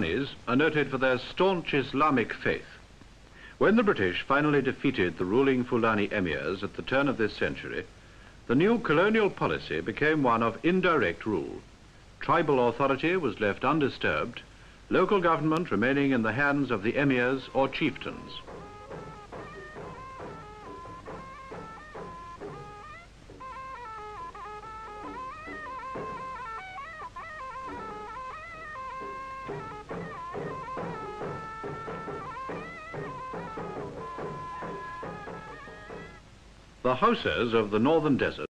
Sunnis are noted for their staunch Islamic faith. When the British finally defeated the ruling Fulani emirs at the turn of this century, the new colonial policy became one of indirect rule. Tribal authority was left undisturbed, local government remaining in the hands of the emirs or chieftains. the houses of the northern desert